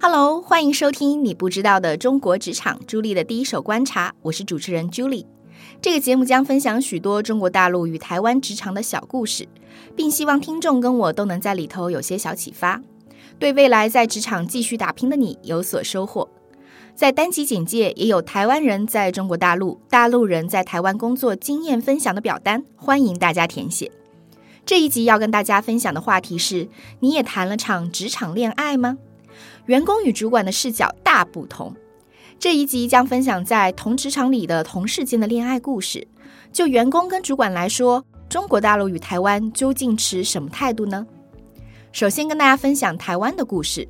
哈嘍，Hello，歡迎收聽你不知道的中國職場朱俐的第一手觀察，我是主持人朱俐。這個節目將分享許多中國大陸與台灣職場的小故事，並希望聽眾跟我都能在裡頭有些小啟發，對未來在職場繼續打拼的你有所收穫。在單集簡介也有台灣人在中國大陸、大陸人在台灣工作經驗分享的表單，歡迎大家填寫。這一集要跟大家分享的話題是：你也談了場職場戀愛嗎？員工與主管的視角大不同，這一集將分享在同職場裡的同事間的戀愛故事。就員工跟主管來說，中國大陸與台灣究竟持什麼態度呢？首先跟大家分享台灣的故事。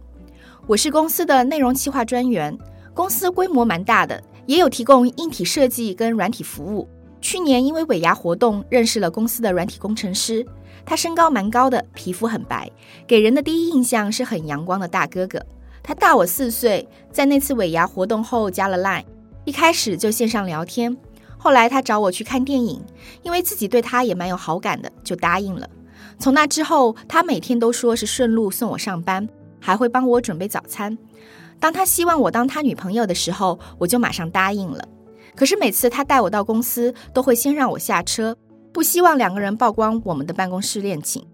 我是公司的內容企劃專員，公司規模蠻大的，也有提供硬體設計跟軟體服務。去年因為尾牙活動認識了公司的軟體工程師，他身高蠻高的，皮膚很白，給人的第一印象是很陽光的大哥哥。他大我四歲，在那次尾牙活動後加了 line，一開始就線上聊天，後來他找我去看電影，因為自己對他也蠻有好感的，就答應了。從那之後，他每天都說是順路送我上班，還會幫我準備早餐。當他希望我當他女朋友的時候，我就馬上答應了。可是每次他帶我到公司，都會先讓我下車，不希望兩個人曝光我們的辦公室戀情。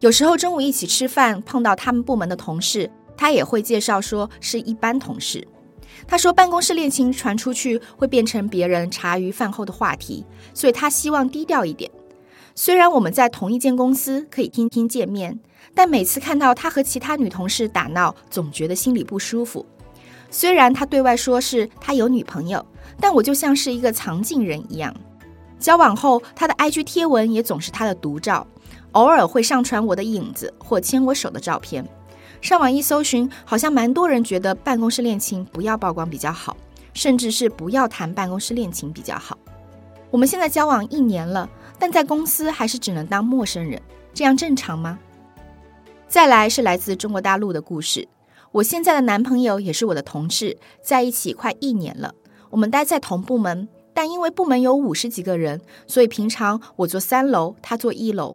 有時候中午一起吃飯，碰到他們部門的同事。他也會介紹說是一般同事。他說辦公室戀情傳出去會變成別人茶餘飯後的話題，所以他希望低調一點。雖然我們在同一間公司可以天天見面，但每次看到他和其他女同事打鬧，總覺得心裡不舒服。雖然他對外說是他有女朋友，但我就像是一個藏鏡人一樣。交往後，他的 IG 貼文也總是他的獨照，偶爾會上傳我的影子或牽我手的照片。上網一搜尋，好像蠻多人覺得辦公室戀情不要曝光比較好，甚至是不要談辦公室戀情比較好。我們現在交往一年了，但在公司還是只能當陌生人，這樣正常嗎？再來是來自中國大陸的故事。我現在的男朋友也是我的同事，在一起快一年了，我們待在同部門，但因為部門有五十幾個人，所以平常我坐三樓，他坐一樓，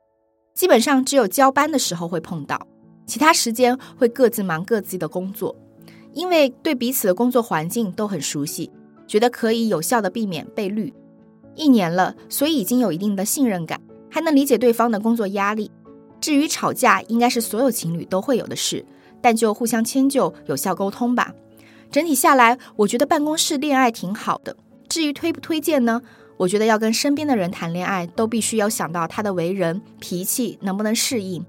基本上只有交班的時候會碰到。其他時間會各自忙各自的工作，因為對彼此的工作環境都很熟悉，覺得可以有效的避免被綠。一年了，所以已經有一定的信任感，還能理解對方的工作壓力。至於吵架，應該是所有情侶都會有的事，但就互相遷就、有效溝通吧。整體下來，我覺得辦公室戀愛挺好的。至於推不推薦呢？我覺得要跟身邊的人談戀愛，都必須要想到他的為人、脾氣能不能適應。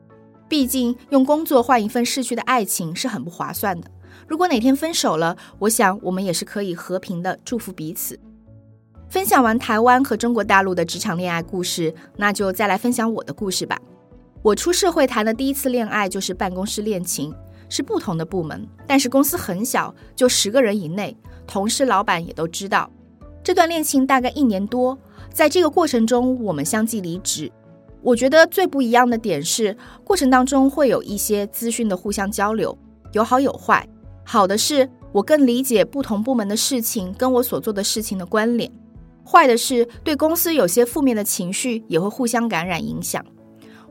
畢竟用工作換一份逝去的愛情是很不划算的。如果哪天分手了，我想我們也是可以和平的祝福彼此。分享完台灣和中國大陸的職場戀愛故事，那就再來分享我的故事吧。我出社會談的第一次戀愛就是辦公室戀情，是不同的部門，但是公司很小，就十個人以內，同事、老闆也都知道。這段戀情大概一年多，在這個過程中，我們相繼離職。我覺得最不一樣的點是，過程當中會有一些資訊的互相交流，有好有壞。好的是我更理解不同部門的事情跟我所做的事情的關聯。壞的是對公司有些負面的情緒也會互相感染影響。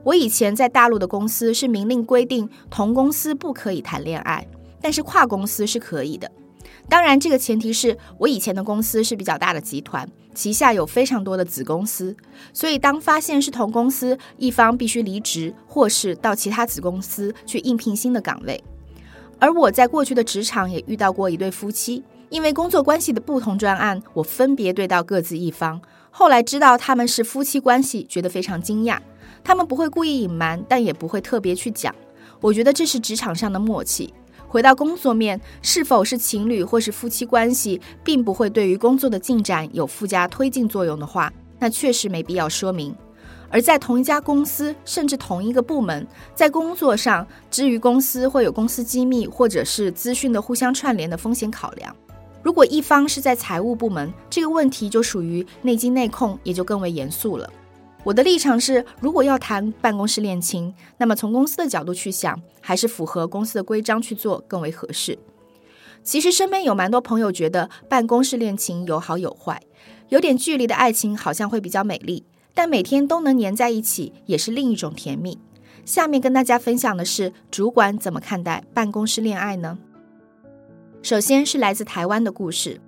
我以前在大陸的公司是明令規定同公司不可以談戀愛，但是跨公司是可以的。當然，這個前提是我以前的公司是比較大的集團，旗下有非常多的子公司，所以當發現是同公司，一方必須離職，或是到其他子公司去應聘新的崗位。而我在過去的職場也遇到過一對夫妻，因為工作關係的不同專案，我分別對到各自一方。後來知道他們是夫妻關係，覺得非常驚訝。他們不會故意隱瞞，但也不會特別去講。我覺得這是職場上的默契。回到工作面，是否是情侶或是夫妻關係，並不會對於工作的進展有附加推進作用的話，那確實沒必要說明。而在同一家公司甚至同一個部門，在工作上，至於公司會有公司機密或者是資訊的互相串聯的風險考量。如果一方是在財務部門，這個問題就屬於內稽內控，也就更為嚴肅了。我的立場是，如果要談辦公室戀情，那麼從公司的角度去想，還是符合公司的規章去做更為合適。其實身邊有蠻多朋友覺得辦公室戀情有好有壞，有點距離的愛情好像會比較美麗，但每天都能黏在一起也是另一種甜蜜。下面跟大家分享的是主管怎麼看待辦公室戀愛呢？首先是來自台灣的故事，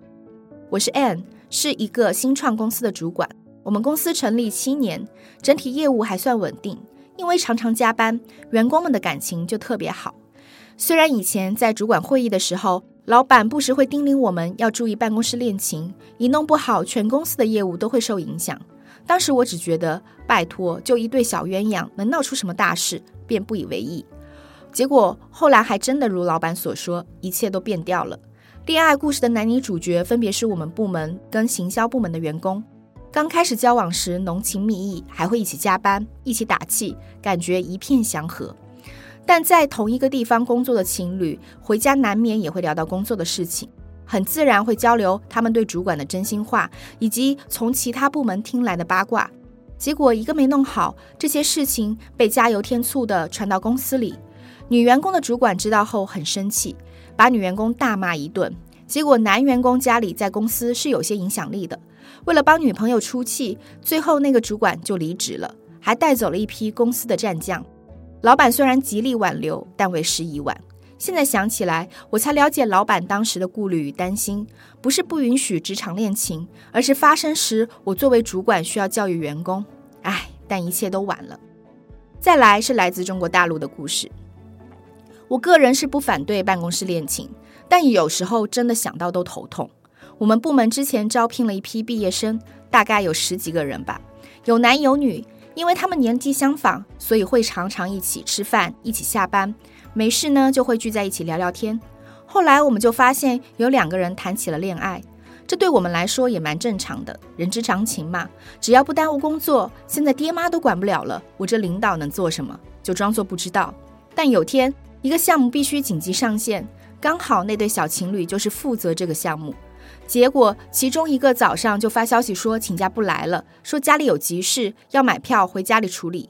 我是 Ann，是一個新創公司的主管。我們公司成立七年，整體業務還算穩定。因為常常加班，員工們的感情就特別好。雖然以前在主管會議的時候，老板不時會叮嚀我們要注意辦公室戀情，一弄不好全公司的業務都會受影響。當時我只覺得拜托，就一對小鴛鴦能鬧出什麼大事？便不以為意。結果後來還真的如老板所說，一切都變掉了。戀愛故事的男女主角分別是我們部門跟行銷部門的員工。剛開始交往時，濃情蜜意，還會一起加班，一起打氣，感覺一片祥和。但在同一個地方工作的情侶，回家難免也會聊到工作的事情，很自然會交流他們對主管的真心話，以及從其他部門聽來的八卦。結果一個沒弄好，這些事情被加油添醋地傳到公司裡。女員工的主管知道後很生氣，把女員工大罵一頓。結果，男員工家裡在公司是有些影響力的。為了幫女朋友出氣，最後那個主管就離職了，還帶走了一批公司的戰將。老闆雖然極力挽留，但為時已晚。現在想起來，我才了解老闆當時的顧慮與擔心，不是不允許職場戀情，而是發生時我作為主管需要教育員工。唉，但一切都晚了。再來是來自中國大陸的故事，我個人是不反對辦公室戀情。但有時候真的想到都頭痛。我們部門之前招聘了一批畢業生，大概有十幾個人吧，有男有女。因為他們年紀相仿，所以會常常一起吃飯，一起下班。沒事呢，就會聚在一起聊聊天。後來我們就發現有兩個人談起了戀愛，這對我們來說也蠻正常的，人之常情嘛。只要不耽誤工作，現在爹媽都管不了了，我這領導能做什麼？就裝作不知道。但有天，一個項目必須緊急上線。剛好那對小情侶就是負責這個項目，結果其中一個早上就發消息說請假不來了，說家裡有急事要買票回家裡處理。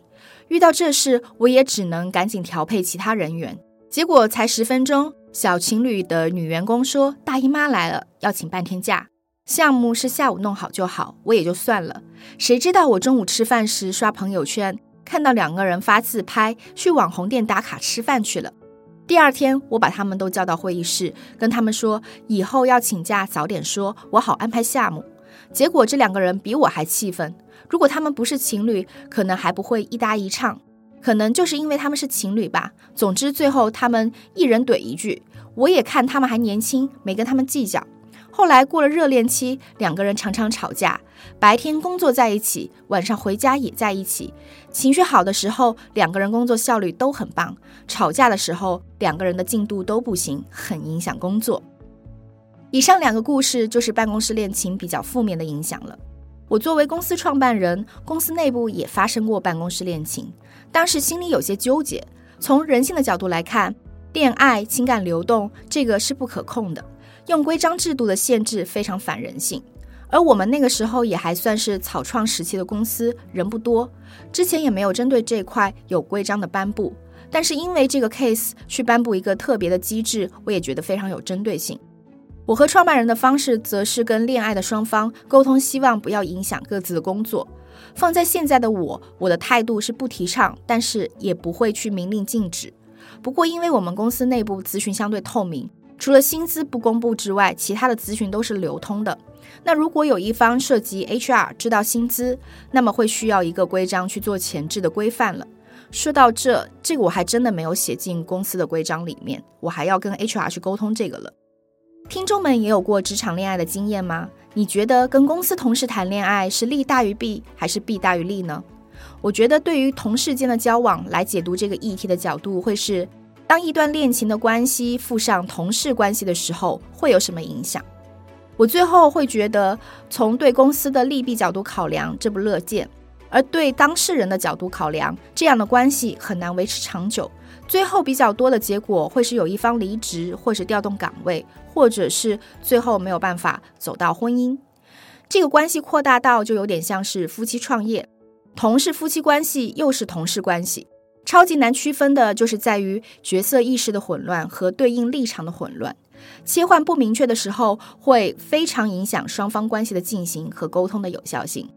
遇到這事，我也只能趕緊調配其他人員。結果才十分鐘，小情侶的女員工說大姨媽來了要請半天假，項目是下午弄好就好，我也就算了。誰知道我中午吃飯時刷朋友圈，看到兩個人發自拍，去網紅店打卡吃飯去了。第二天，我把他們都叫到會議室，跟他們說以後要請假早點說，我好安排項目。結果這兩個人比我還氣憤。如果他們不是情侶，可能還不會一搭一唱，可能就是因為他們是情侶吧。總之，最後他們一人懟一句，我也看他們還年輕，沒跟他們計較。後來過了熱戀期，兩個人常常吵架。白天工作在一起，晚上回家也在一起。情緒好的時候，兩個人工作效率都很棒；吵架的時候，兩個人的進度都不行，很影響工作。以上兩個故事就是辦公室戀情比較負面的影響了。我作為公司創辦人，公司內部也發生過辦公室戀情，當時心裡有些糾結。從人性的角度來看，戀愛情感流動這個是不可控的。用規章制度的限制非常反人性，而我們那個時候也還算是草創時期的公司，人不多，之前也沒有針對這塊有規章的頒布。但是因為這個 case 去頒布一個特別的機制，我也覺得非常有針對性。我和創辦人的方式則是跟戀愛的雙方溝通，希望不要影響各自的工作。放在現在的我，我的態度是不提倡，但是也不會去明令禁止。不過因為我們公司內部諮詢相對透明。除了薪資不公布之外，其他的資訊都是流通的。那如果有一方涉及 HR 知道薪資，那麼會需要一個規章去做前置的規範了。說到這，這個我還真的沒有寫進公司的規章裡面，我還要跟 HR 去溝通這個了。聽眾們也有過職場戀愛的經驗嗎？你覺得跟公司同事談戀愛是利大於弊，還是弊大於利呢？我覺得對於同事間的交往來解讀這個議題的角度會是。當一段戀情的關係附上同事關係的時候，會有什麼影響？我最後會覺得，從對公司的利弊角度考量，這不樂見；而對當事人的角度考量，這樣的關係很難維持長久。最後比較多的結果會是有一方離職，或是調動崗位，或者是最後沒有辦法走到婚姻。這個關係擴大到就有點像是夫妻創業，同是夫妻關係又是同事關係。超級難區分的就是在於角色意識的混亂和對應立場的混亂，切換不明確的時候，會非常影響雙方關係的進行和溝通的有效性。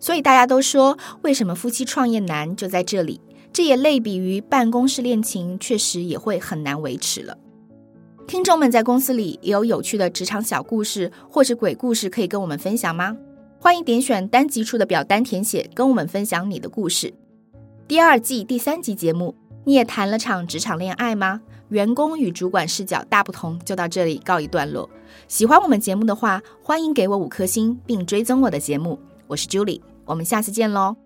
所以大家都說，為什麼夫妻創業難就在這裡？這也類比於辦公室戀情，確實也會很難維持了。聽眾們在公司裡也有有趣的職場小故事或者鬼故事可以跟我們分享嗎？歡迎點選單集處的表單填寫，跟我們分享你的故事。第二季第三集節目，你也談了場職場戀愛嗎？員工與主管視角大不同，就到這裡告一段落。喜歡我們節目的話，歡迎給我五顆星，並追蹤我的節目。我是朱俐，我們下次見嘍。